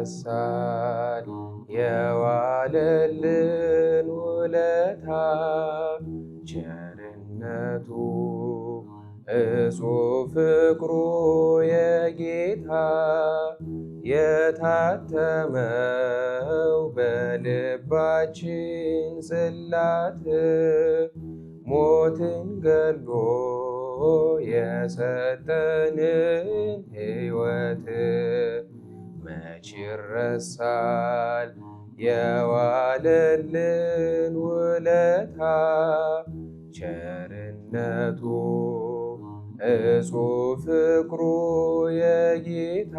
ይረሳል የዋለልን ውለታ ቸርነቱ እጹ ፍቅሩ የጌታ የታተመው በልባችን ጽላት ሞትን ገሎ የሰጠን ይረሳል። የዋለልን ውለታ ቸርነቱ እጹ ፍቅሩ የጌታ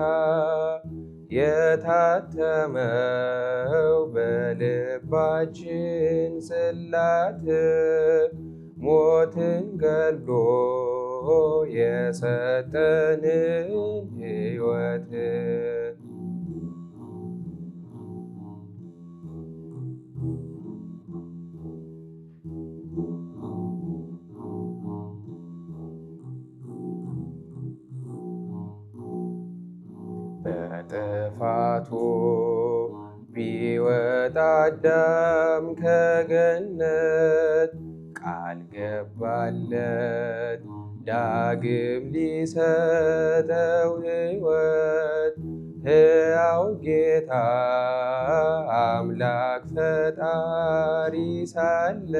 የታተመው በልባችን ጽላት ሞትን ገሎ የሰጠንን ሕይወት በመዓቱ ቢወጣ አዳም ከገነት ቃል ገባለት ዳግም ሊሰጠው ሕይወት ሕያው ጌታ አምላክ ፈጣሪ ሳለ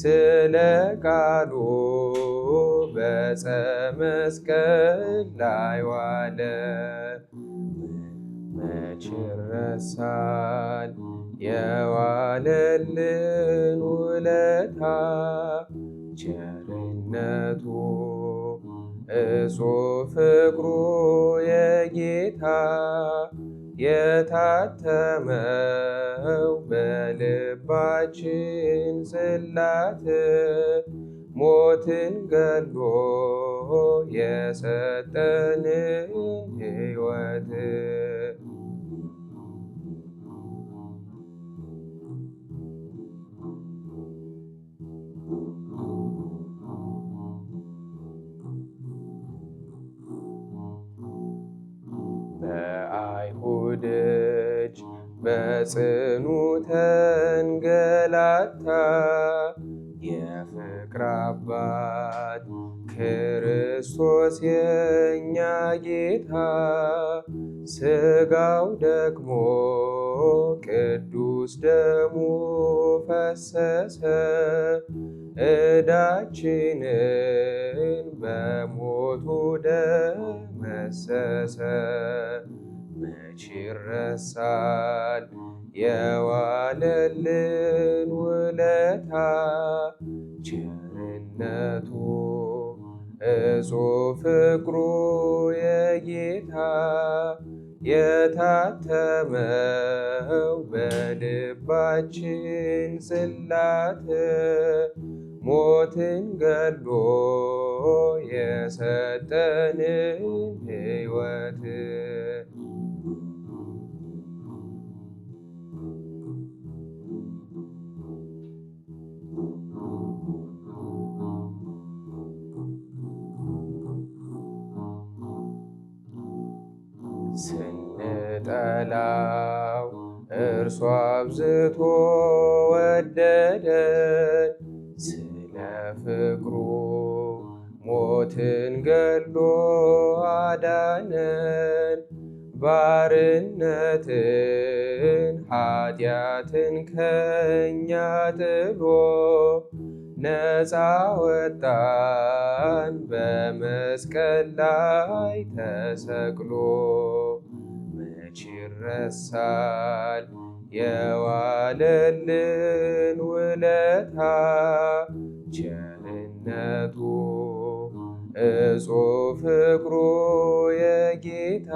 ስለ ቃሉ በዕፀ መስቀል ላይ ዋለ። ይረሳል የዋለልን ውለታ ቸርነቱ እጹ ፍቅሩ የጌታ የታተመው በልባችን ጽላት ሞትን ገሎ የሰጠንን ሕይወት አይሁድ እጅ በጽኑ ተንገላታ። የፍቅር አባት ክርስቶስ የእኛ ጌታ ስጋው ደግሞ ቅዱስ ደሙ ፈሰሰ እዳችንን በሞቱ ደመሰሰ። መች ይረሳል የዋለልን ውለታ ቸርነቱ እጹብ ፍቅሩ የጌታ የታተመው በልባችን ጽላት ሞትን ገሎ የሰጠንን ሕይወት በላው እርሷ አብዝቶ ወደደን ስለ ፍቅሩ ሞትን ገሎ አዳነን ባርነትን ኃጢአትን ከኛ ጥሎ ነፃ ወጣን በመስቀል ላይ ተሰቅሎ ይረሳል። የዋለልን ውለታ ቸርነቱ እጹ ፍቅሩ የጌታ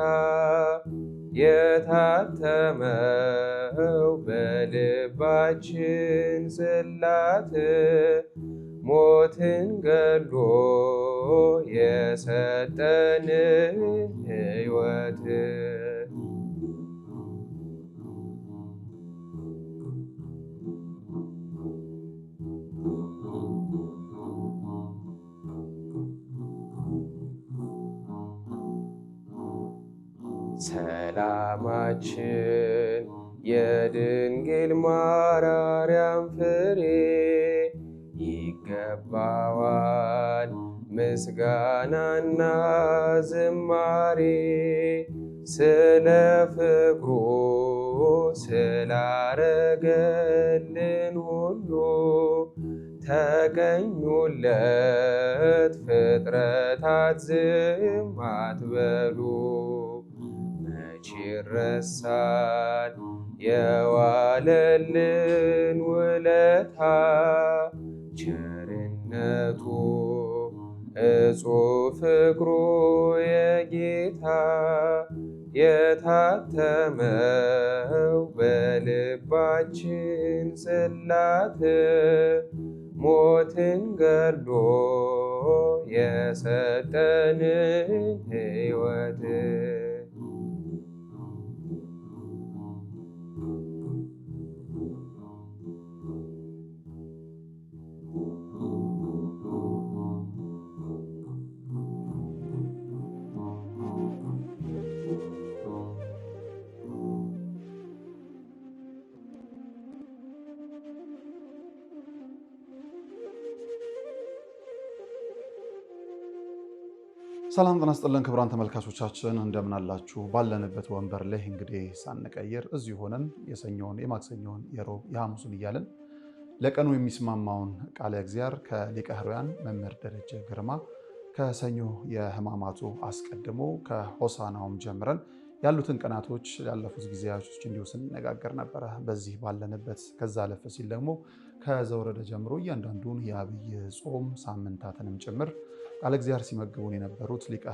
የታተመው በልባችን ጽላት ሞትን ገሎ የሰጠን ሕይወት ሰላማችን የድንግል ማርያም ፍሬ ይገባዋል ምስጋናና ዝማሬ ስለ ፍቅሩ ስላረገልን ሁሉ ተገኙለት ፍጥረታት ዝማት በሉ መች ይረሳል የዋለልን ውለታ ቸርነቱ እጹ ፍቅሩ የጌታ የታተመው በልባችን ጽላት ሞትን ገሎ የሰጠንን ሕይወት ሰላም ጤና ይስጥልን ክቡራን ተመልካቾቻችን እንደምናላችሁ ባለንበት ወንበር ላይ እንግዲህ ሳንቀይር እዚሁ ሆነን የሰኞውን፣ የማክሰኞውን፣ የሮብ፣ የሐሙሱን እያለን ለቀኑ የሚስማማውን ቃለ እግዚአር ከሊቀ መምህር ደረጀ ግርማ ከሰኞ የሕማማቱ አስቀድሞ ከሆሳናውም ጀምረን ያሉትን ቀናቶች ያለፉት ጊዜያቶች እንዲሁ ስንነጋገር ነበረ። በዚህ ባለንበት ከዛ አለፈ ሲል ደግሞ ከዘወረደ ጀምሮ እያንዳንዱን የአብይ ጾም ሳምንታትንም ጭምር ቃለ እግዚአብሔር ሲመግቡን የነበሩት ሊቀ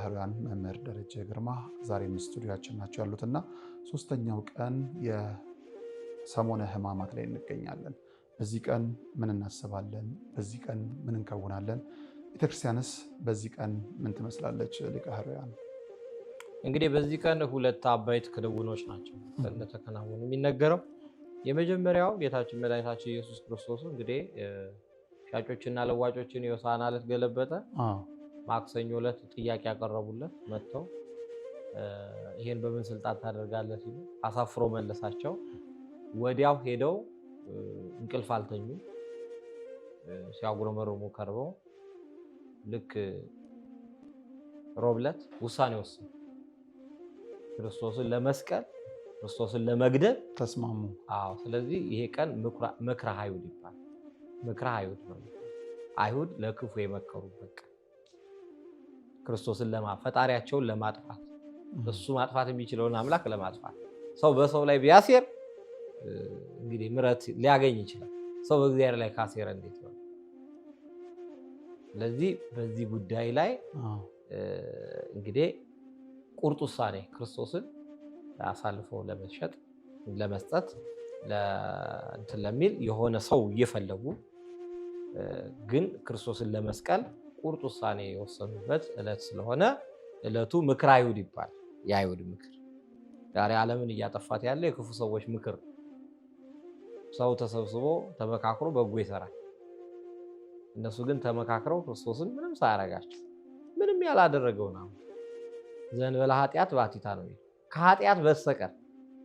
መምህር ደረጀ ግርማ ዛሬም ስቱዲዮችን ናቸው ያሉትና ሶስተኛው ቀን የሰሞነ ሕማማት ላይ እንገኛለን። በዚህ ቀን ምን እናስባለን? በዚህ ቀን ምን እንከውናለን? ቤተክርስቲያንስ በዚህ ቀን ምን ትመስላለች? ሊቀ እንግዲህ በዚህ ቀን ሁለት አበይት ክንውኖች ናቸው እንደተከናወኑ የሚነገረው። የመጀመሪያው ጌታችን መድኃኒታችን ኢየሱስ ክርስቶስ እንግዲህ ሻጮችና ለዋጮችን የሆሳዕና ዕለት ገለበጠ። ማክሰኞ ዕለት ጥያቄ ያቀረቡለት መጥተው ይሄን በምን ስልጣን ታደርጋለህ ሲሉ አሳፍሮ መለሳቸው። ወዲያው ሄደው እንቅልፍ አልተኙ ሲያጉረመርሙ ከርበው ልክ ሮብለት ውሳኔ ወሰኑ። ክርስቶስን ለመስቀል ክርስቶስን ለመግደል ተስማሙ። ስለዚህ ይሄ ቀን ምክረ አይሁድ ይባላል። ምክረ አይሁድ ነው። አይሁድ ለክፉ የመከሩበት ቀን ክርስቶስን ለማ ፈጣሪያቸውን ለማጥፋት እሱ ማጥፋት የሚችለውን አምላክ ለማጥፋት ሰው በሰው ላይ ቢያሴር እንግዲህ ምረት ሊያገኝ ይችላል። ሰው በእግዚአብሔር ላይ ካሴረ እንዴት ነው? ስለዚህ በዚህ ጉዳይ ላይ እንግዲህ ቁርጥ ውሳኔ ክርስቶስን አሳልፈው ለመሸጥ ለመስጠት ለሚል የሆነ ሰው እየፈለጉ ግን ክርስቶስን ለመስቀል ቁርጥ ውሳኔ የወሰኑበት እለት ስለሆነ እለቱ ምክር አይሁድ ይባል። የአይሁድ ምክር ዛሬ ዓለምን እያጠፋት ያለ የክፉ ሰዎች ምክር። ሰው ተሰብስቦ ተመካክሮ በጎ ይሰራል። እነሱ ግን ተመካክረው ክርስቶስን ምንም ሳያረጋቸው ምንም ያላደረገው ነው። ዘእንበለ ኃጢአት በአቲታ ነው። ከኃጢአት በስተቀር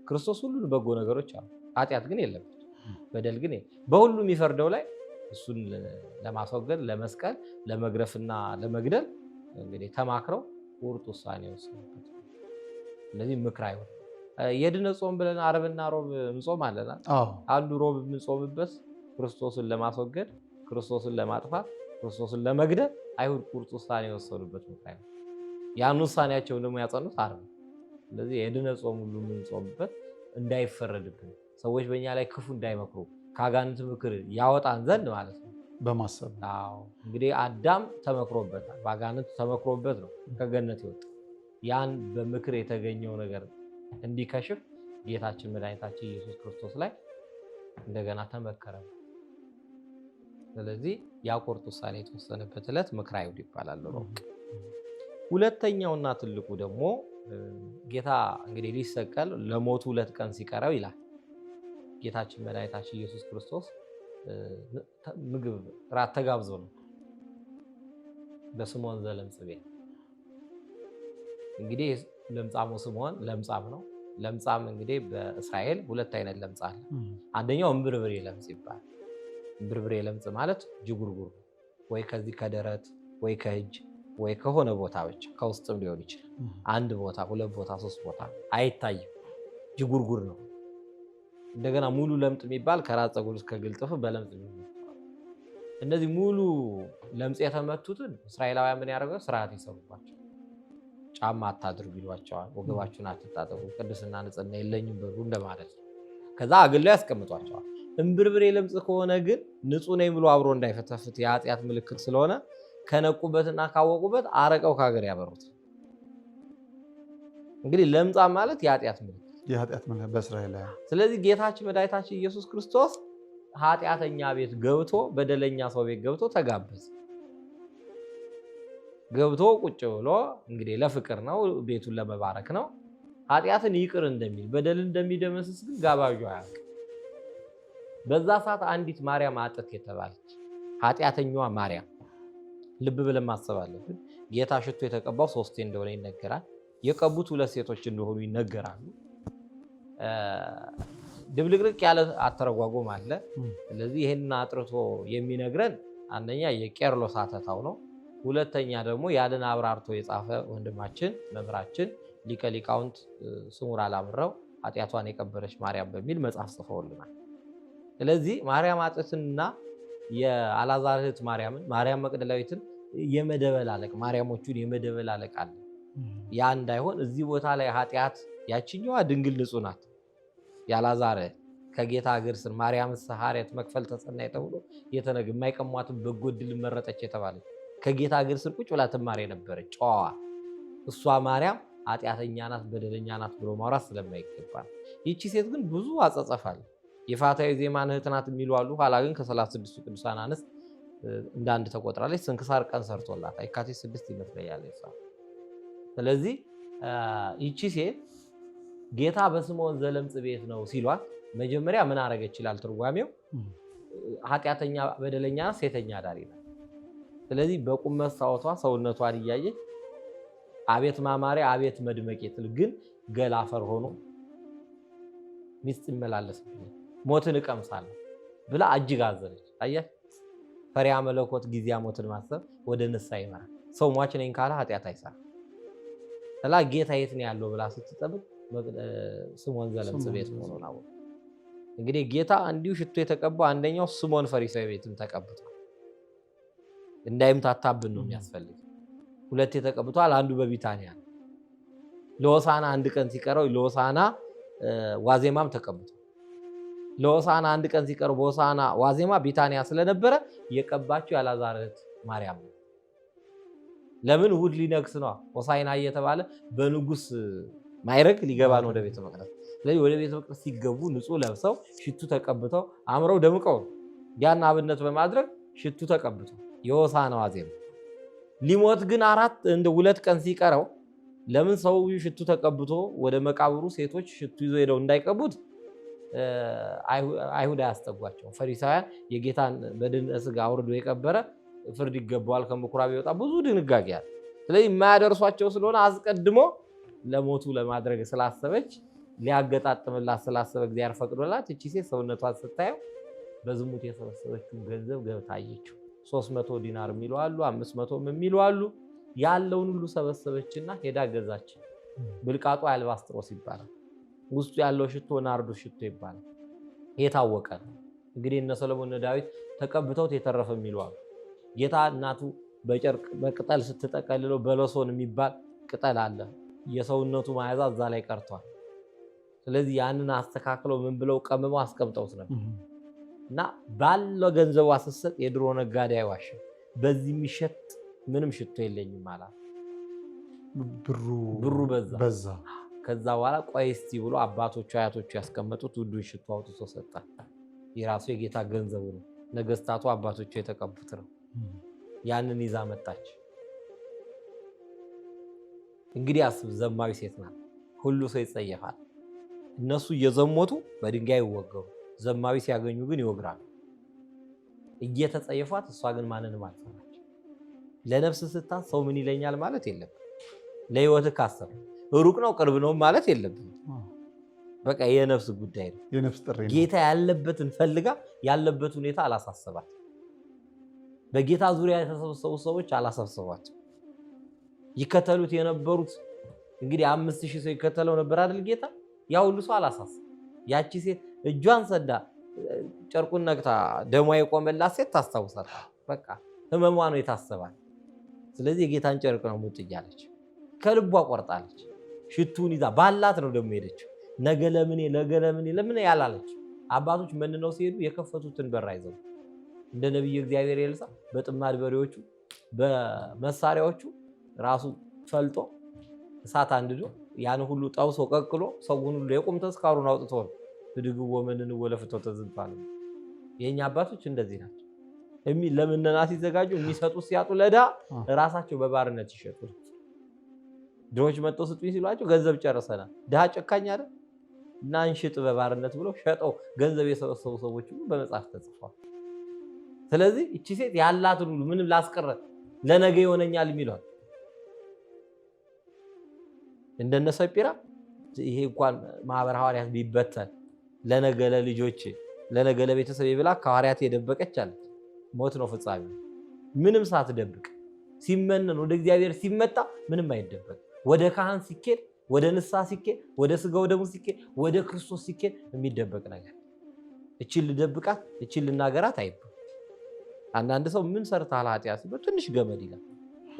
ክርስቶስ ሁሉን በጎ ነገሮች አሉ። ኃጢአት ግን የለበት፣ በደል ግን በሁሉም የሚፈርደው ላይ እሱን ለማስወገድ ለመስቀል፣ ለመግረፍና ለመግደል እንግዲህ ተማክረው ቁርጥ ውሳኔ ወሰኑበት። ስለዚህ ምክር አይሆን የድነ ጾም ብለን አርብና ሮብ እንጾም አለና አንዱ ሮብ የምንጾምበት ክርስቶስን ለማስወገድ፣ ክርስቶስን ለማጥፋት፣ ክርስቶስን ለመግደል አይሁድ ቁርጥ ውሳኔ የወሰኑበት ምክር አይሆን። ያን ውሳኔያቸውን ደግሞ ያጸኑት አርብ። ስለዚህ የድነ ጾም ሁሉ የምንጾምበት እንዳይፈረድብን ሰዎች በእኛ ላይ ክፉ እንዳይመክሩ ከአጋንንት ምክር ያወጣን ዘንድ ማለት ነው በማሰብ አዎ እንግዲህ አዳም ተመክሮበታል። በአጋንንት ተመክሮበት ነው ከገነት ይወጣ። ያን በምክር የተገኘው ነገር እንዲከሽፍ ጌታችን መድኃኒታችን ኢየሱስ ክርስቶስ ላይ እንደገና ተመከረ። ስለዚህ የአቆርጥ ውሳኔ የተወሰነበት ዕለት ምክረ አይሁድ ይባላል። ሁለተኛውና ትልቁ ደግሞ ጌታ እንግዲህ ሊሰቀል ለሞቱ ሁለት ቀን ሲቀረው ይላል ጌታችን መድኃኒታችን ኢየሱስ ክርስቶስ ምግብ ራት ተጋብዞ ነው በስምዖን ዘለምጽ ቤት። እንግዲህ ለምጻሙ ስምዖን ለምጻም ነው። ለምጻም እንግዲህ በእስራኤል ሁለት አይነት ለምጽ አለ። አንደኛው እምብርብሬ ለምጽ ይባላል። እምብርብሬ ለምጽ ማለት ጅጉርጉር ወይ ከዚህ ከደረት ወይ ከእጅ ወይ ከሆነ ቦታ ብቻ ከውስጥም ሊሆን ይችላል። አንድ ቦታ፣ ሁለት ቦታ፣ ሶስት ቦታ አይታይም። ጅጉርጉር ነው እንደገና ሙሉ ለምጥ የሚባል ከራስ ፀጉር እስከ ግልጥፍ በለምጥ እነዚህ ሙሉ ለምጽ የተመቱትን እስራኤላውያን ምን ያደርገው ስርዓት ይሰሩባቸው። ጫማ አታድርጉ ይሏቸዋል። ወገባችሁን አትታጠቡ ቅድስና ንጽህና የለኝም በሩ እንደማለት ነው። ከዛ አግሎ ያስቀምጧቸዋል። እምብርብሬ ለምጽ ከሆነ ግን ንጹሕ ነኝ ብሎ አብሮ እንዳይፈተፍት የኃጢአት ምልክት ስለሆነ ከነቁበትና ካወቁበት አረቀው ከሀገር ያበሩት። እንግዲህ ለምጻ ማለት የኃጢአት ምልክት የኃጢአት መለያ በእስራኤል ላይ። ስለዚህ ጌታችን መድኃኒታችን ኢየሱስ ክርስቶስ ኃጢአተኛ ቤት ገብቶ በደለኛ ሰው ቤት ገብቶ ተጋበዘ። ገብቶ ቁጭ ብሎ እንግዲህ ለፍቅር ነው፣ ቤቱን ለመባረክ ነው። ኃጢአትን ይቅር እንደሚል በደል እንደሚደመስስ ግን ጋባዡ አያውቅም። በዛ ሰዓት አንዲት ማርያም አጥት የተባለች ኃጢአተኛዋ ማርያም ልብ ብለን ማሰብ አለብን። ጌታ ሽቶ የተቀባው ሶስቴ እንደሆነ ይነገራል። የቀቡት ሁለት ሴቶች እንደሆኑ ይነገራሉ። ድብልቅልቅ ያለ አተረጓጎም አለ። ስለዚህ ይህንን አጥርቶ የሚነግረን አንደኛ የቄርሎስ አተታው ነው። ሁለተኛ ደግሞ ያንን አብራርቶ የጻፈ ወንድማችን መምህራችን ሊቀ ሊቃውንት ስሙር አላምረው ኃጢአቷን የቀበረች ማርያም በሚል መጽሐፍ ጽፈውልናል። ስለዚህ ማርያም አጥትንና የአልዓዛር እህት ማርያምን ማርያም መቅደላዊትን የመደበላለቅ ማርያሞቹን የመደበላለቅ አለ። ያ እንዳይሆን እዚህ ቦታ ላይ ኃጢአት ያችኛዋ ድንግል ንጹህ ናት ያላዛረ ከጌታ እግር ስር ማርያም ሰሐርያት መክፈል ተጸናይ ተብሎ የተነግ የማይቀሟትን በጎ ድል መረጠች የተባለች ከጌታ እግር ስር ቁጭ ብላ ትማር የነበረች ጨዋዋ እሷ ማርያም ኃጢአተኛ ናት፣ በደለኛ ናት ብሎ ማውራት ስለማይገባ ይቺ ሴት ግን ብዙ አጸጸፋል። የፋታዊ ዜማን እህት ናት የሚሉ አሉ። ኋላ ግን ከ36ቱ ቅዱሳን አንስት እንደ አንድ ተቆጥራለች። ስንክሳር ቀን ሰርቶላት የካቲት ስድስት ይመስለኛል። ስለዚህ ይቺ ሴት ጌታ በስምዖን ዘለምጽ ቤት ነው ሲሏት መጀመሪያ ምን አረገች ይላል ትርጓሜው፣ ኃጢአተኛ በደለኛ ሴተኛ አዳሪ ናት። ስለዚህ በቁም መስታወቷ ሰውነቷን እያየች አቤት ማማሪ አቤት መድመቅ ትል ግን ገላፈር ሆኖ ሚስት ይመላለስ ሞትን እቀምሳለሁ ብላ እጅግ አዘነች። አያ ፈሪያ መለኮት ጊዜያ ሞትን ማሰብ ወደ ንስሐ ይመራል። ሰው ሟች ነኝ ካለ ኃጢአት አይሰራም። ላ ጌታ የት ነው ያለው ብላ ስትጠብቅ ስሞን ዘለምጽ ቤት መሆኑን አወቁ። እንግዲህ ጌታ እንዲሁ ሽቶ የተቀባ አንደኛው ስሞን ፈሪሳዊ ቤትም ተቀብቷል። እንዳይምታታብን ነው የሚያስፈልግ። ሁለት የተቀብቷል። አንዱ በቢታንያ ለሆሳና አንድ ቀን ሲቀረው ለሆሳና ዋዜማም ተቀብቷል። ለሆሳና አንድ ቀን ሲቀረው በሆሳና ዋዜማ ቢታንያ ስለነበረ የቀባቸው ያላዛረት ማርያም ነው። ለምን እሑድ ሊነግስ ነው ሆሳይና እየተባለ በንጉስ ማይረግ ሊገባ ነው ወደ ቤተ መቅደስ። ስለዚህ ወደ ቤተ መቅደስ ሲገቡ ንጹህ ለብሰው ሽቱ ተቀብተው አምረው ደምቀው ያን አብነት በማድረግ ሽቱ ተቀብተው የሆሳዕናው ዜማ ሊሞት ግን አራት እንደ ሁለት ቀን ሲቀረው ለምን ሰው ሽቱ ተቀብቶ ወደ መቃብሩ ሴቶች ሽቱ ይዞ ሄደው እንዳይቀቡት አይሁድ አያስጠጓቸው። ፈሪሳውያን የጌታን በድን ስጋ አውርዶ የቀበረ ፍርድ ይገባዋል ከምኩራብ ይወጣ ብዙ ድንጋጌ አለ። ስለዚህ የማያደርሷቸው ስለሆነ አስቀድሞ ለሞቱ ለማድረግ ስላሰበች ሊያገጣጥምላት ስላሰበ እግዚአብሔር ፈቅዶላት እቺ ሴት ሰውነቷን ስታየው በዝሙት የሰበሰበችውን ገንዘብ ገብታ አየችው። ሶስት መቶ ዲናር የሚሉ አሉ፣ አምስት መቶም የሚሉ አሉ። ያለውን ሁሉ ሰበሰበችና ሄዳ ገዛች። ብልቃጡ አልባስጥሮስ ይባላል። ውስጡ ያለው ሽቶ ናርዶ ሽቶ ይባላል። የታወቀ ነው። እንግዲህ እነ ሰለሞን ዳዊት ተቀብተውት የተረፈ የሚሉ አሉ። ጌታ እናቱ በጨርቅ በቅጠል ስትጠቀልለው በለሶን የሚባል ቅጠል አለ የሰውነቱ መዓዛ እዛ ላይ ቀርቷል። ስለዚህ ያንን አስተካክለው ምን ብለው ቀምመው አስቀምጠውት ነበር እና ባለው ገንዘቡ አስሰጥ የድሮ ነጋዴ አይዋሽም። በዚህ የሚሸጥ ምንም ሽቶ የለኝም አላት። ብሩ በዛ። ከዛ በኋላ ቆይ እስቲ ብሎ አባቶቹ አያቶቹ ያስቀመጡት ውዱን ሽቶ አውጥቶ ሰጣት። የራሱ የጌታ ገንዘቡ ነው። ነገስታቱ አባቶቹ የተቀቡት ነው። ያንን ይዛ መጣች። እንግዲህ አስብ፣ ዘማዊ ሴት ናት። ሁሉ ሰው ይጸየፋል። እነሱ እየዘሞቱ በድንጋይ ይወገሩ፣ ዘማዊ ሲያገኙ ግን ይወግራሉ። እየተጸየፏት፣ እሷ ግን ማንን አልሰማች። ለነፍስ ስታት ሰው ምን ይለኛል ማለት የለም። ለህይወት ካሰብ ሩቅ ነው ቅርብ ነው ማለት የለብን። በቃ የነፍስ ጉዳይ ነው። ጌታ ያለበትን ፈልጋ ያለበት ሁኔታ አላሳሰባት። በጌታ ዙሪያ የተሰበሰቡ ሰዎች አላሳሰቧቸው። ይከተሉት የነበሩት እንግዲህ አምስት ሺህ ሰው ይከተለው ነበር አይደል ጌታ? ያ ሁሉ ሰው አላሳስ ያቺ ሴት እጇን ሰዳ ጨርቁን ነግታ ደሟ የቆመላት ሴት ታስታውሳል። በቃ ህመሟ ነው የታሰባል። ስለዚህ የጌታን ጨርቅ ነው ሙጥ እያለች ከልቧ ቆርጣለች። ሽቱን ይዛ ባላት ነው ደግሞ ሄደችው። ነገ ለምኔ ነገ ለምኔ ለምን ያላለች አባቶች ነው ሲሄዱ የከፈቱትን በር ይዘው እንደ ነቢዩ እግዚአብሔር ኤልሳዕ በጥማድ በሬዎቹ በመሳሪያዎቹ ራሱ ፈልጦ እሳት አንድዶ ያን ሁሉ ጠብሶ ቀቅሎ ሰውን ሁሉ የቁም ተስካሩን አውጥቶ ነው ብድግዎ ምንንዎ ለፍትወተ ዝንባለ የእኛ አባቶች እንደዚህ ናቸው። እሚ ለምነና ሲዘጋጁ የሚሰጡት ሲያጡ ለዳ ራሳቸው በባርነት ይሸጡ። ድሆች መጥቶ ስጡኝ ሲሏቸው ገንዘብ ጨርሰናል፣ ድሃ ጨካኝ አይደል እና እንሽጥ በባርነት ብለው ሸጠው ገንዘብ የሰበሰቡ ሰዎች ሁሉ በመጽሐፍ ተጽፏል። ስለዚህ እቺ ሴት ያላትን ሁሉ ምንም ላስቀረት ለነገ ይሆነኛል የሚለዋል እንደነ ሰጲራ ይሄ እንኳን ማህበረ ሐዋርያት ቢበተን ለነገለ ልጆች ለነገለ ቤተሰብ ብላ ከሐዋርያት የደበቀች አለች። ሞት ነው ፍጻሜ። ምንም ሳትደብቅ ሲመነን ወደ እግዚአብሔር ሲመጣ ምንም አይደበቅ። ወደ ካህን ሲኬድ፣ ወደ ንስሐ ሲኬድ፣ ወደ ስጋ ወደሙ ሲኬድ፣ ወደ ክርስቶስ ሲኬድ የሚደበቅ ነገር እችን ልደብቃት እችን ልናገራት አይባል። አንዳንድ ሰው ምን ሰርተሃል ኃጢአት ሲባል ትንሽ ገመድ ይላል።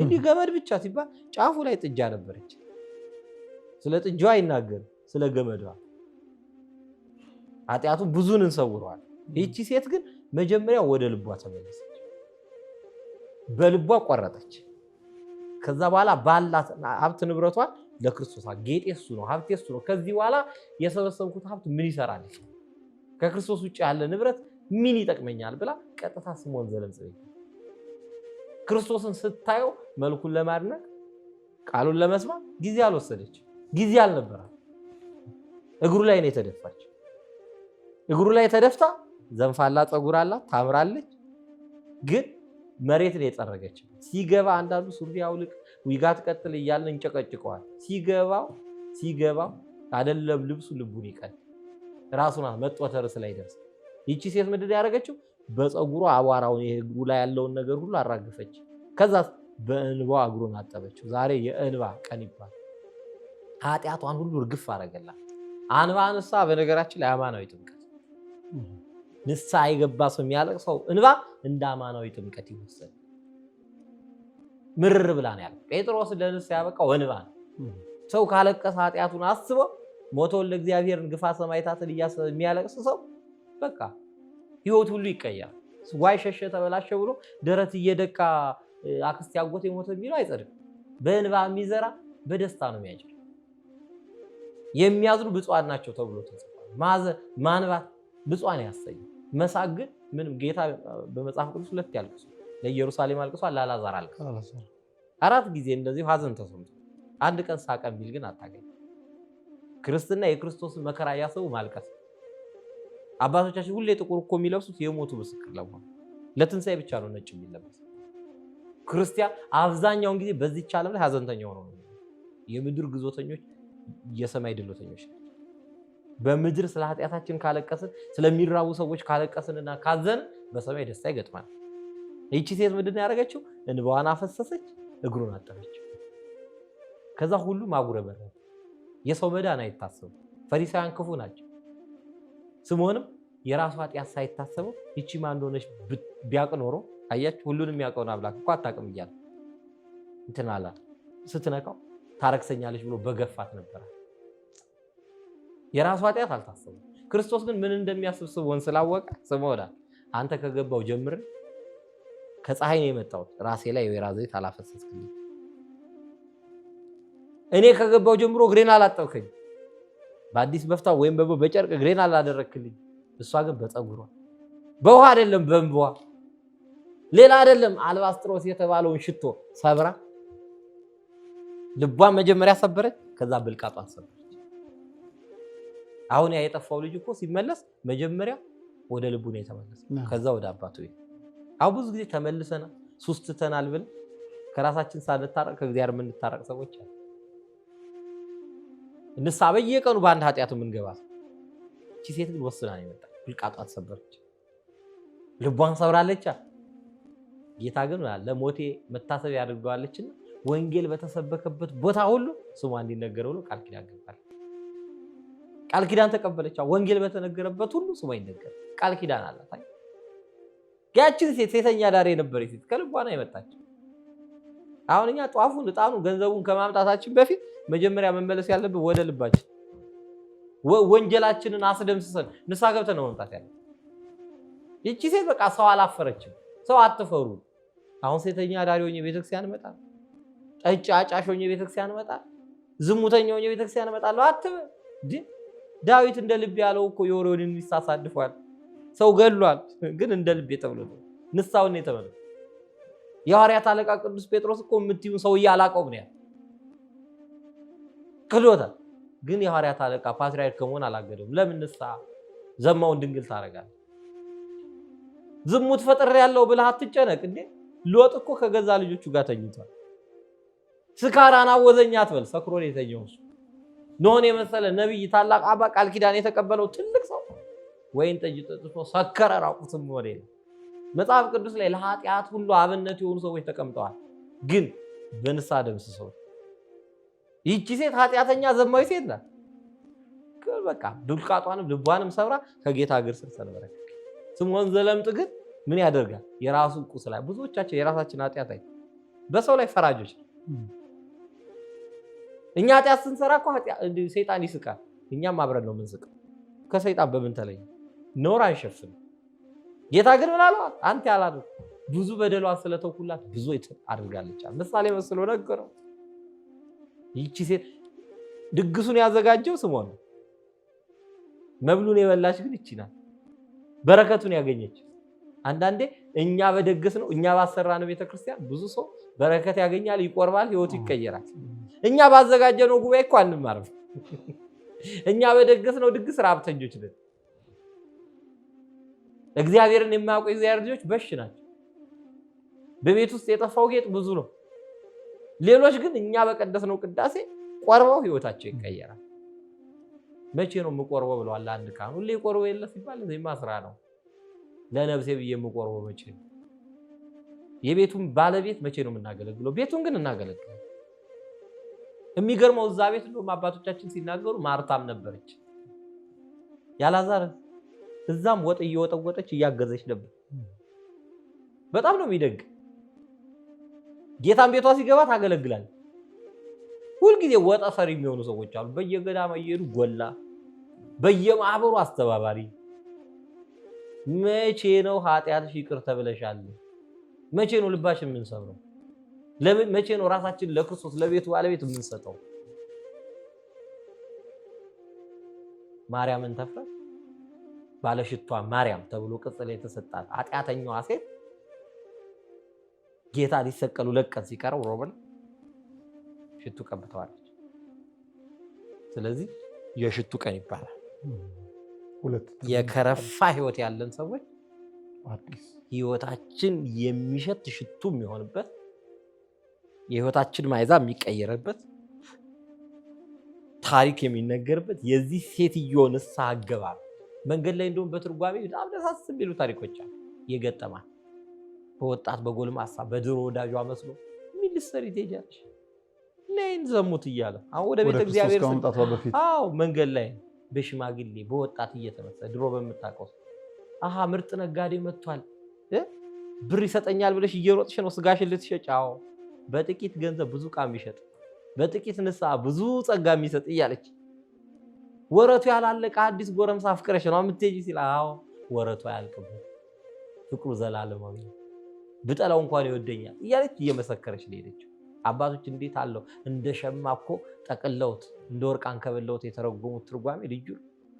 እንዲህ ገመድ ብቻ ሲባል ጫፉ ላይ ጥጃ ነበረች። ስለ ጥጇ ይናገር ስለ ገመዷ። ኃጢአቱ ብዙን እንሰውረዋል። ይቺ ሴት ግን መጀመሪያ ወደ ልቧ ተመለሰች፣ በልቧ ቆረጠች። ከዛ በኋላ ባላት ሀብት ንብረቷን ለክርስቶስ ጌጤ እሱ ነው፣ ሀብቴ እሱ ነው። ከዚህ በኋላ የሰበሰብኩት ሀብት ምን ይሰራል? ከክርስቶስ ውጭ ያለ ንብረት ምን ይጠቅመኛል? ብላ ቀጥታ ስሞን ዘለምጽቤ ክርስቶስን ስታየው መልኩን ለማድነቅ ቃሉን ለመስማት ጊዜ አልወሰደች። ጊዜ አልነበራል። እግሩ ላይ ነው የተደፋች። እግሩ ላይ ተደፍታ ዘንፋላ ፀጉር አላት፣ ታምራለች። ግን መሬት ነው የጠረገች። ሲገባ አንዳንዱ ሱሪ አውልቅ ዊጋት ቀጥል እያልን እንጨቀጭቀዋል። ሲገባው ሲገባው አይደለም ልብሱ ልቡን ይቀል ራሱና መጦተርስ ላይ ደርስ። ይቺ ሴት ምድር ያደረገችው በፀጉሯ አቧራውን እግሩ ላይ ያለውን ነገር ሁሉ አራግፈች። ከዛ በእንባ እግሩን አጠበችው። ዛሬ የእንባ ቀን ይባላል። ኃጢአቷን ሁሉ እርግፍ አደረገላት። አንባ ንሳ በነገራችን ላይ አማናዊ ጥምቀት ንሳ የገባ ሰው የሚያለቅሰው እንባ እንደ አማናዊ ጥምቀት ይወሰድ። ምርር ብላ ነው ያለ። ጴጥሮስ ለንስ ያበቃው እንባ ነው። ሰው ካለቀሰ ኃጢአቱን አስቦ ሞቶን ለእግዚአብሔር ግፋ ሰማዕታትን እያሰበ የሚያለቅስ ሰው በቃ ህይወት ሁሉ ይቀያል። ዋይ ሸሸ ተበላሸ ብሎ ደረት እየደቃ አክስት ያጎት የሞተ የሚለው አይጸድቅም። በእንባ የሚዘራ በደስታ ነው የሚያጭር። የሚያዝኑ ብፁዓን ናቸው ተብሎ ተጽፏል። ማንባት ብፁዓን ያሰኝ መሳቅ ግን ምንም ጌታ በመጽሐፍ ቅዱስ ሁለት ያልቅሱ ለኢየሩሳሌም አልቅሷል፣ ለአልዓዛር አልቅሷል። አራት ጊዜ እንደዚሁ ሀዘን ተሰምቶ አንድ ቀን ሳቀ ቢል ግን አታገኝ። ክርስትና የክርስቶስን መከራ እያሰቡ ማልቀስ። አባቶቻችን ሁሌ ጥቁር እኮ የሚለብሱት የሞቱ ምስክር ለመሆን ለትንሣኤ ብቻ ነው ነጭ የሚለበስ። ክርስቲያን አብዛኛውን ጊዜ በዚህ ቻለም ላይ ሀዘንተኛ ሆነው ነው የምድር ግዞተኞች የሰማይ ድሎተኞች በምድር ስለ ኃጢአታችን ካለቀስን ስለሚራቡ ሰዎች ካለቀስንና ካዘን በሰማይ ደስታ ይገጥማል። ይቺ ሴት ምንድን ያደረገችው? እንባዋን አፈሰሰች፣ እግሩን አጠበችው። ከዛ ሁሉ ማጉረበረብ። የሰው መዳን አይታሰቡ። ፈሪሳውያን ክፉ ናቸው። ስምዖንም የራሱ ኃጢአት ሳይታሰበው ይቺ ማን እንደሆነች ቢያቅ ኖሮ አያች ሁሉንም ያውቀውን አምላክ እኮ አታውቅም እያለ እንትን አላት ስትነካው ታረክሰኛለች ብሎ በገፋት ነበረ። የራሷ ኃጢአት አልታሰበም። ክርስቶስ ግን ምን እንደሚያስብ ስምዖን ስላወቀ ስሞዳ አንተ ከገባው ጀምር ከፀሐይ ነው የመጣሁት፣ ራሴ ላይ የወይራ ዘይት አላፈሰስክም። እኔ ከገባው ጀምሮ እግሬን አላጠብከኝ፣ በአዲስ በፍታ ወይም በ በጨርቅ እግሬን አላደረክልኝ። እሷ ግን በፀጉሯ በውሃ አይደለም በእንባዋ ሌላ አይደለም አልባስጥሮስ የተባለውን ሽቶ ሰብራ ልቧን መጀመሪያ ሰበረች፣ ከዛ ብልቃጧን ሰበረች። አሁን ያ የጠፋው ልጅ እኮ ሲመለስ መጀመሪያ ወደ ልቡ ነው የተመለሰ፣ ከዛ ወደ አባቱ። አሁን ብዙ ጊዜ ተመልሰና ሱስ ትተናል ብለን ከራሳችን ሳንታረቅ ከእግዚአብሔር የምንታረቅ ሰዎች አሉ። እንሳ በየቀኑ በአንድ ኃጢአቱ የምንገባ እቺ ሴት ግን ወስና ነው የመጣ፣ ብልቃጧን ሰበረች፣ ልቧን ሰብራለች። ጌታ ግን ለሞቴ መታሰቢያ አድርገዋለችና ወንጌል በተሰበከበት ቦታ ሁሉ ስሟ እንዲነገር ብሎ ቃል ኪዳን ገባል። ቃል ኪዳን ተቀበለች። ወንጌል በተነገረበት ሁሉ ስሟ ይነገር ቃል ኪዳን አላት። ያችን ሴት ሴተኛ ዳሪ የነበረች ሴት ከልቧና የመጣች አሁን እኛ ጧፉን፣ እጣኑ፣ ገንዘቡን ከማምጣታችን በፊት መጀመሪያ መመለስ ያለብን ወደ ልባችን ወንጀላችንን አስደምስሰን ንሳ ገብተን ነው መምጣት ያለ። ይቺ ሴት በቃ ሰው አላፈረችም። ሰው አትፈሩ። አሁን ሴተኛ ዳሪ ሆኜ ቤተክርስቲያን እመጣለሁ ጠጭ አጫሽ ሆኜ ቤተክርስቲያን እመጣለሁ፣ ዝሙተኛ ሆኜ ቤተክርስቲያን እመጣለሁ አትበል። ዳዊት እንደ ልብ ያለው እኮ የወሮንን ሚስት አሳድፏል፣ ሰው ገሏል። ግን እንደ ልብ የተብሎ ንሳውን የተበለ የሐዋርያት አለቃ ቅዱስ ጴጥሮስ እኮ የምትዩን ሰውዬ አላቀውም ነው ያለ ክዶታል። ግን የሐዋርያት አለቃ ፓትሪያርክ ከመሆን አላገደውም። ለምን ንሳ ዘማውን ድንግል ታደርጋለህ? ዝሙት ፈጥሬ ያለው ብለህ አትጨነቅ እንዴ። ሎጥ እኮ ከገዛ ልጆቹ ጋር ተኝቷል። ስካራን አወዘኛ አትበል። ሰክሮ ነው የተኛው። እሱ ኖህን የመሰለ ነቢይ ታላቅ አባ ቃል ኪዳን የተቀበለው ትልቅ ሰው ወይን ጠጅ ጠጥቶ ሰከረ። ራቁትም ወደ መጽሐፍ ቅዱስ ላይ ለኃጢአት ሁሉ አብነት የሆኑ ሰዎች ተቀምጠዋል። ግን በንሳ በንስሐ ሰው ይቺ ሴት ኃጢአተኛ ዘማዊ ሴት ናት። በቃ ዱልቃጧንም ልቧንም ሰብራ ከጌታ እግር ስር ሰነበረች። ስምዖን ዘለምጥ ግን ምን ያደርጋል? የራሱን ቁስል ብዙዎቻችን የራሳችን ኃጢአት አይ በሰው ላይ ፈራጆች እኛ ኃጢአት ስንሰራ እኮ ሰይጣን ይስቃል፣ እኛም አብረን ነው ምንስቅ። ከሰይጣን በምን ተለየ? ነውር አንሸፍንም። ጌታ ግን ምናለዋል? አንተ ያላደረኩት ብዙ በደሏን ስለተውኩላት ብዙ አድርጋለች። ምሳሌ መስሎ ነገረው። ይቺ ሴት ድግሱን ያዘጋጀው ስምዖን ነው። መብሉን የበላች ግን ይቺ ናት። በረከቱን ያገኘች። አንዳንዴ እኛ በደገስ ነው እኛ ባሰራ ነው ቤተክርስቲያን ብዙ ሰው በረከት ያገኛል፣ ይቆርባል፣ ህይወቱ ይቀየራል። እኛ ባዘጋጀነው ጉባኤ እኮ አንማርም። እኛ በደገስነው ድግስ ረሃብተኞች ነን። እግዚአብሔርን የማያውቁ የእግዚአብሔር ልጆች በሽ ናቸው። በቤት ውስጥ የጠፋው ጌጥ ብዙ ነው። ሌሎች ግን እኛ በቀደስነው ቅዳሴ ቆርበው ህይወታቸው ይቀየራል። መቼ ነው የምቆርበው ብለዋል አንድ ካህን። ሁሌ ቆርበው የለ ሲባል ዜማ ስራ ነው። ለነብሴ ብዬ የምቆርበው መቼ ነው? የቤቱን ባለቤት መቼ ነው የምናገለግለው? ቤቱን ግን እናገለግል። የሚገርመው እዛ ቤት እንደውም አባቶቻችን ሲናገሩ ማርታም ነበረች ያላዛር እዛም ወጥ እየወጠወጠች እያገዘች ነበር። በጣም ነው የሚደግ። ጌታን ቤቷ ሲገባ ታገለግላለች። ሁልጊዜ ወጠ ሰሪ የሚሆኑ ሰዎች አሉ። በየገዳ እየሄዱ ጎላ፣ በየማህበሩ አስተባባሪ። መቼ ነው ኃጢአትሽ ይቅር ተብለሻል? መቼ ነው ልባችን የምንሰብረው? መቼ ነው ራሳችን ለክርስቶስ ለቤቱ ባለቤት የምንሰጠው? ማርያምን ተፍረ ባለሽቷ ማርያም ተብሎ ቅጽል የተሰጣት ኃጢአተኛዋ ሴት ጌታ ሊሰቀሉ ለቀን ሲቀረው ሮብን ሽቱ ቀብተዋለች። ስለዚህ የሽቱ ቀን ይባላል። የከረፋ ህይወት ያለን ሰዎች ህይወታችን የሚሸት ሽቱ የሚሆንበት የህይወታችን ማይዛ የሚቀየርበት ታሪክ የሚነገርበት የዚህ ሴትዮ ንስሐ አገባብ መንገድ ላይ እንደውም በትርጓሜ በጣም ደሳስ የሚሉ ታሪኮች አሉ። የገጠማል በወጣት በጎልማሳ በድሮ ወዳጇ መስሎ ሚኒስተር ልትሰሪ ትሄጃለሽ? ዘሙት እያለ አሁን ወደ ቤተ እግዚአብሔር መንገድ ላይ በሽማግሌ በወጣት እየተመሰለ ድሮ በምታውቀው አሃ ምርጥ ነጋዴ መጥቷል ብር ይሰጠኛል ብለሽ እየሮጥሽ ነው ስጋሽን ልትሸጭ። አዎ በጥቂት ገንዘብ ብዙ ዕቃ የሚሸጥ በጥቂት ንስሐ ብዙ ጸጋ የሚሰጥ እያለች ወረቱ ያላለቀ አዲስ ጎረምሳ አፍቅረሽ ነው የምትሄጂ ሲል፣ አዎ ወረቱ አያልቅም ፍቅሩ ዘላለማዊ ብጠላው እንኳን ይወደኛል እያለች እየመሰከረች ሄደችው። አባቶች እንዴት አለው እንደ ሸማ እኮ ጠቅለውት እንደ ወርቅ አንከበለውት የተረጎሙት ትርጓሜ ልዩ።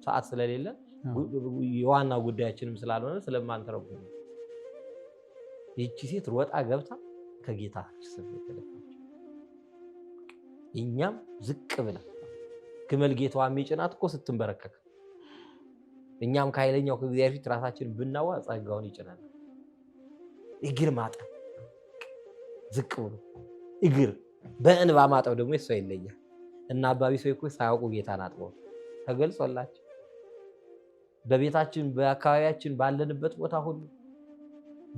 ሰዓት ስለሌለ የዋና ጉዳያችንም ስላልሆነ ስለማንተረጉሙ ይቺ ሴት ሮጣ ገብታ ከጌታ ስር እኛም ዝቅ ብለ ግመል ጌታዋ የሚጭናት እኮ ስትንበረከክ እኛም ከኃይለኛው ከእግዚአብሔር ፊት ራሳችን ብናዋ ጸጋውን ይጭናል። እግር ማጠብ ዝቅ ብሎ እግር በእንባ ማጠብ ደግሞ የሷ ይለያል። እና አባቢ ሰው እኮ ሳያውቁ ጌታን አጥበው ተገልጾላቸው በቤታችን በአካባቢያችን ባለንበት ቦታ ሁሉ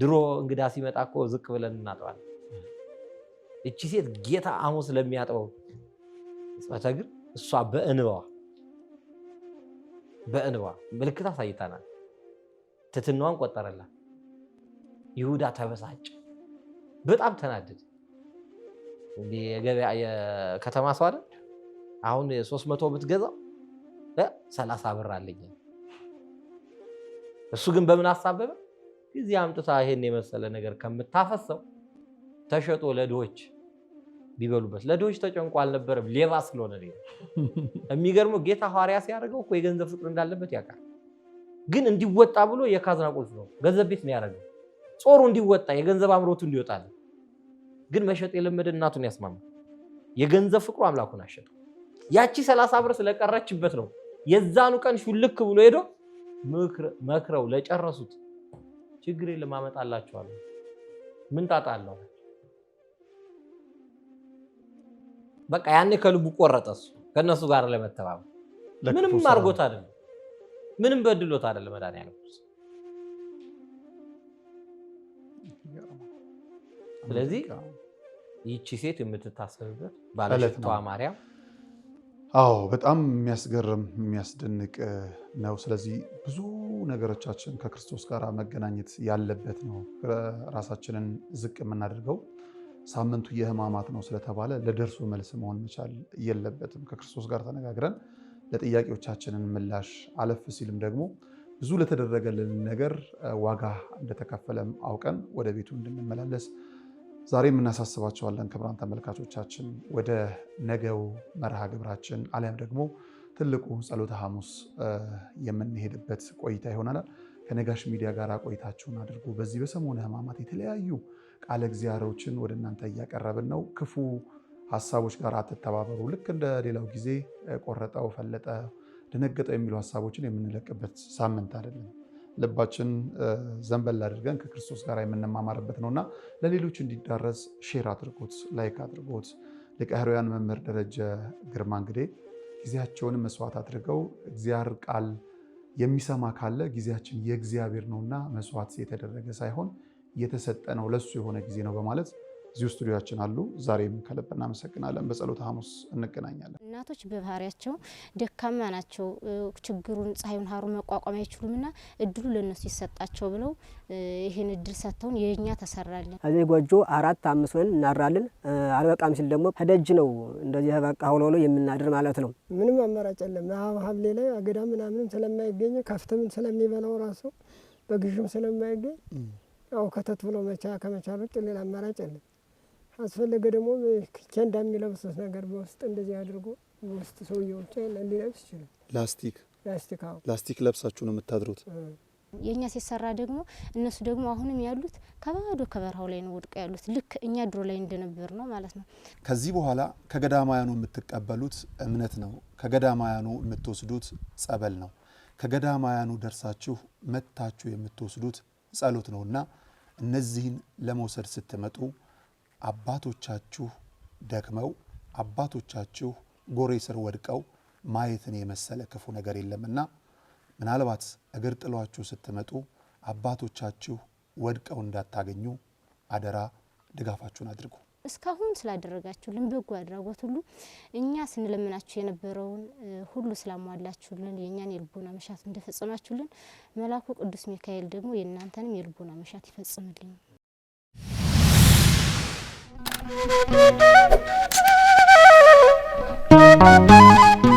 ድሮ እንግዳ ሲመጣ እኮ ዝቅ ብለን እናጥባለን። እቺ ሴት ጌታ ሐሙስ ለሚያጥበው ምጽዋተ እግር እሷ በእንባዋ በእንባ ምልክት አሳይታናል። ትትናዋን ቆጠረላት። ይሁዳ ተበሳጭ፣ በጣም ተናደድ። የገበያ የከተማ ሰው አይደል? አሁን ሶስት መቶ ብትገዛው ሰላሳ ብር አለኝ። እሱ ግን በምን አሳበበ? ጊዜ አምጥታ ይሄን የመሰለ ነገር ከምታፈሰው ተሸጦ ለድሆች ቢበሉበት ለድሆች ተጨንቆ አልነበረም፣ ሌባ ስለሆነ ነው። የሚገርመው ጌታ ሐዋርያ ሲያደርገው እኮ የገንዘብ ፍቅር እንዳለበት ያውቃል። ግን እንዲወጣ ብሎ የካዝና ቁልፍ ነው ገንዘብ ቤት ነው ያደረገው፣ ጾሩ እንዲወጣ የገንዘብ አምሮቱ እንዲወጣል። ግን መሸጥ የለመደ እናቱን ያስማማል። የገንዘብ ፍቅሩ አምላኩን አሸጠ። ያቺ ሰላሳ ብር ስለቀረችበት ነው የዛኑ ቀን ሹልክ ብሎ ሄዶ መክረው ለጨረሱት ችግሬ ልማመጣላችኋለሁ። ምን ጣጣ አለው? በቃ ያኔ ከልቡ ቆረጠ። እሱ ከእነሱ ጋር ለመተባበር ምንም አድርጎት አይደለም፣ ምንም በድሎት አይደለም። መድኃኒዓለም ስለዚህ ይቺ ሴት የምትታሰብበት ባለሽቷ ማርያም አዎ በጣም የሚያስገርም የሚያስደንቅ ነው። ስለዚህ ብዙ ነገሮቻችን ከክርስቶስ ጋር መገናኘት ያለበት ነው። ራሳችንን ዝቅ የምናደርገው ሳምንቱ የሕማማት ነው ስለተባለ ለደርሶ መልስ መሆን መቻል የለበትም። ከክርስቶስ ጋር ተነጋግረን ለጥያቄዎቻችንን ምላሽ አለፍ ሲልም ደግሞ ብዙ ለተደረገልን ነገር ዋጋ እንደተከፈለም አውቀን ወደ ቤቱ እንድንመላለስ ዛሬ የምናሳስባቸዋለን። ክቡራን ተመልካቾቻችን ወደ ነገው መርሃ ግብራችን አሊያም ደግሞ ትልቁ ጸሎተ ሐሙስ የምንሄድበት ቆይታ ይሆናል። ከነጋሽ ሚዲያ ጋር ቆይታችሁን አድርጉ። በዚህ በሰሞነ ሕማማት የተለያዩ ቃለ እግዚአብሔሮችን ወደ እናንተ እያቀረብን ነው። ክፉ ሀሳቦች ጋር አትተባበሩ። ልክ እንደ ሌላው ጊዜ ቆረጠው፣ ፈለጠ፣ ደነገጠው የሚሉ ሀሳቦችን የምንለቅበት ሳምንት አይደለም። ልባችን ዘንበል አድርገን ከክርስቶስ ጋር የምንማማርበት ነውና ለሌሎች እንዲዳረስ ሼር አድርጎት፣ ላይክ አድርጎት። ሊቀ ኅሩያን መምህር ደረጀ ግርማ እንግዲህ ጊዜያቸውንም መስዋዕት አድርገው እግዚአብሔር ቃል የሚሰማ ካለ ጊዜያችን የእግዚአብሔር ነውና መስዋዕት የተደረገ ሳይሆን የተሰጠ ነው ለሱ የሆነ ጊዜ ነው በማለት እዚሁ ስቱዲዮችን አሉ። ዛሬም ከልብ እናመሰግናለን። በጸሎተ ሐሙስ እንገናኛለን። እናቶች በባህሪያቸው ደካማ ናቸው። ችግሩን ፀሐዩን ሀሩ መቋቋም ና እድሉ ለእነሱ ይሰጣቸው ብለው ይህን እድል ሰጥተውን የእኛ ተሰራለን። እዚህ ጎጆ አራት አምስት ወን እናራለን አልበቃም ሲል ደግሞ ከደጅ ነው እንደዚህ ተበቃ ሆኖ የምናድር ማለት ነው። ምንም አማራጭ የለም። ሐምሌ ላይ አገዳ ምናምንም ስለማይገኝ ከፍትምን ስለሚበላው ራሱ በግሹም ስለማይገኝ ያው ከተት ብሎ መቻ ከመቻል ውጭ ሌላ አማራጭ የለም። አስፈለገ ደግሞ ክቻ እንዳሚለብሱት ነገር በውስጥ እንደዚህ አድርጎ በውስጥ ሰውየው ሊለብስ ይችላል። ላስቲክ ላስቲክ ላስቲክ ለብሳችሁ ነው የምታድሩት። የእኛ ሲሰራ ደግሞ እነሱ ደግሞ አሁንም ያሉት ከባዶ ከበረሃው ላይ ነው ወድቀው ያሉት። ልክ እኛ ድሮ ላይ እንደነበር ነው ማለት ነው። ከዚህ በኋላ ከገዳማያኑ የምትቀበሉት እምነት ነው። ከገዳማያኑ የምትወስዱት ጸበል ነው። ከገዳማያኑ ደርሳችሁ መታችሁ የምትወስዱት ጸሎት ነው እና እነዚህን ለመውሰድ ስትመጡ አባቶቻችሁ ደክመው አባቶቻችሁ ጎሬ ስር ወድቀው ማየትን የመሰለ ክፉ ነገር የለምና ምናልባት እግር ጥሏችሁ ስትመጡ አባቶቻችሁ ወድቀው እንዳታገኙ አደራ ድጋፋችሁን አድርጉ። እስካሁን ስላደረጋችሁልን በጎ አድራጎት ሁሉ እኛ ስንለምናችሁ የነበረውን ሁሉ ስላሟላችሁልን የእኛን የልቦና መሻት እንደፈጸማችሁልን መላኩ ቅዱስ ሚካኤል ደግሞ የእናንተንም የልቦና መሻት ይፈጽምልኝ። Thank you.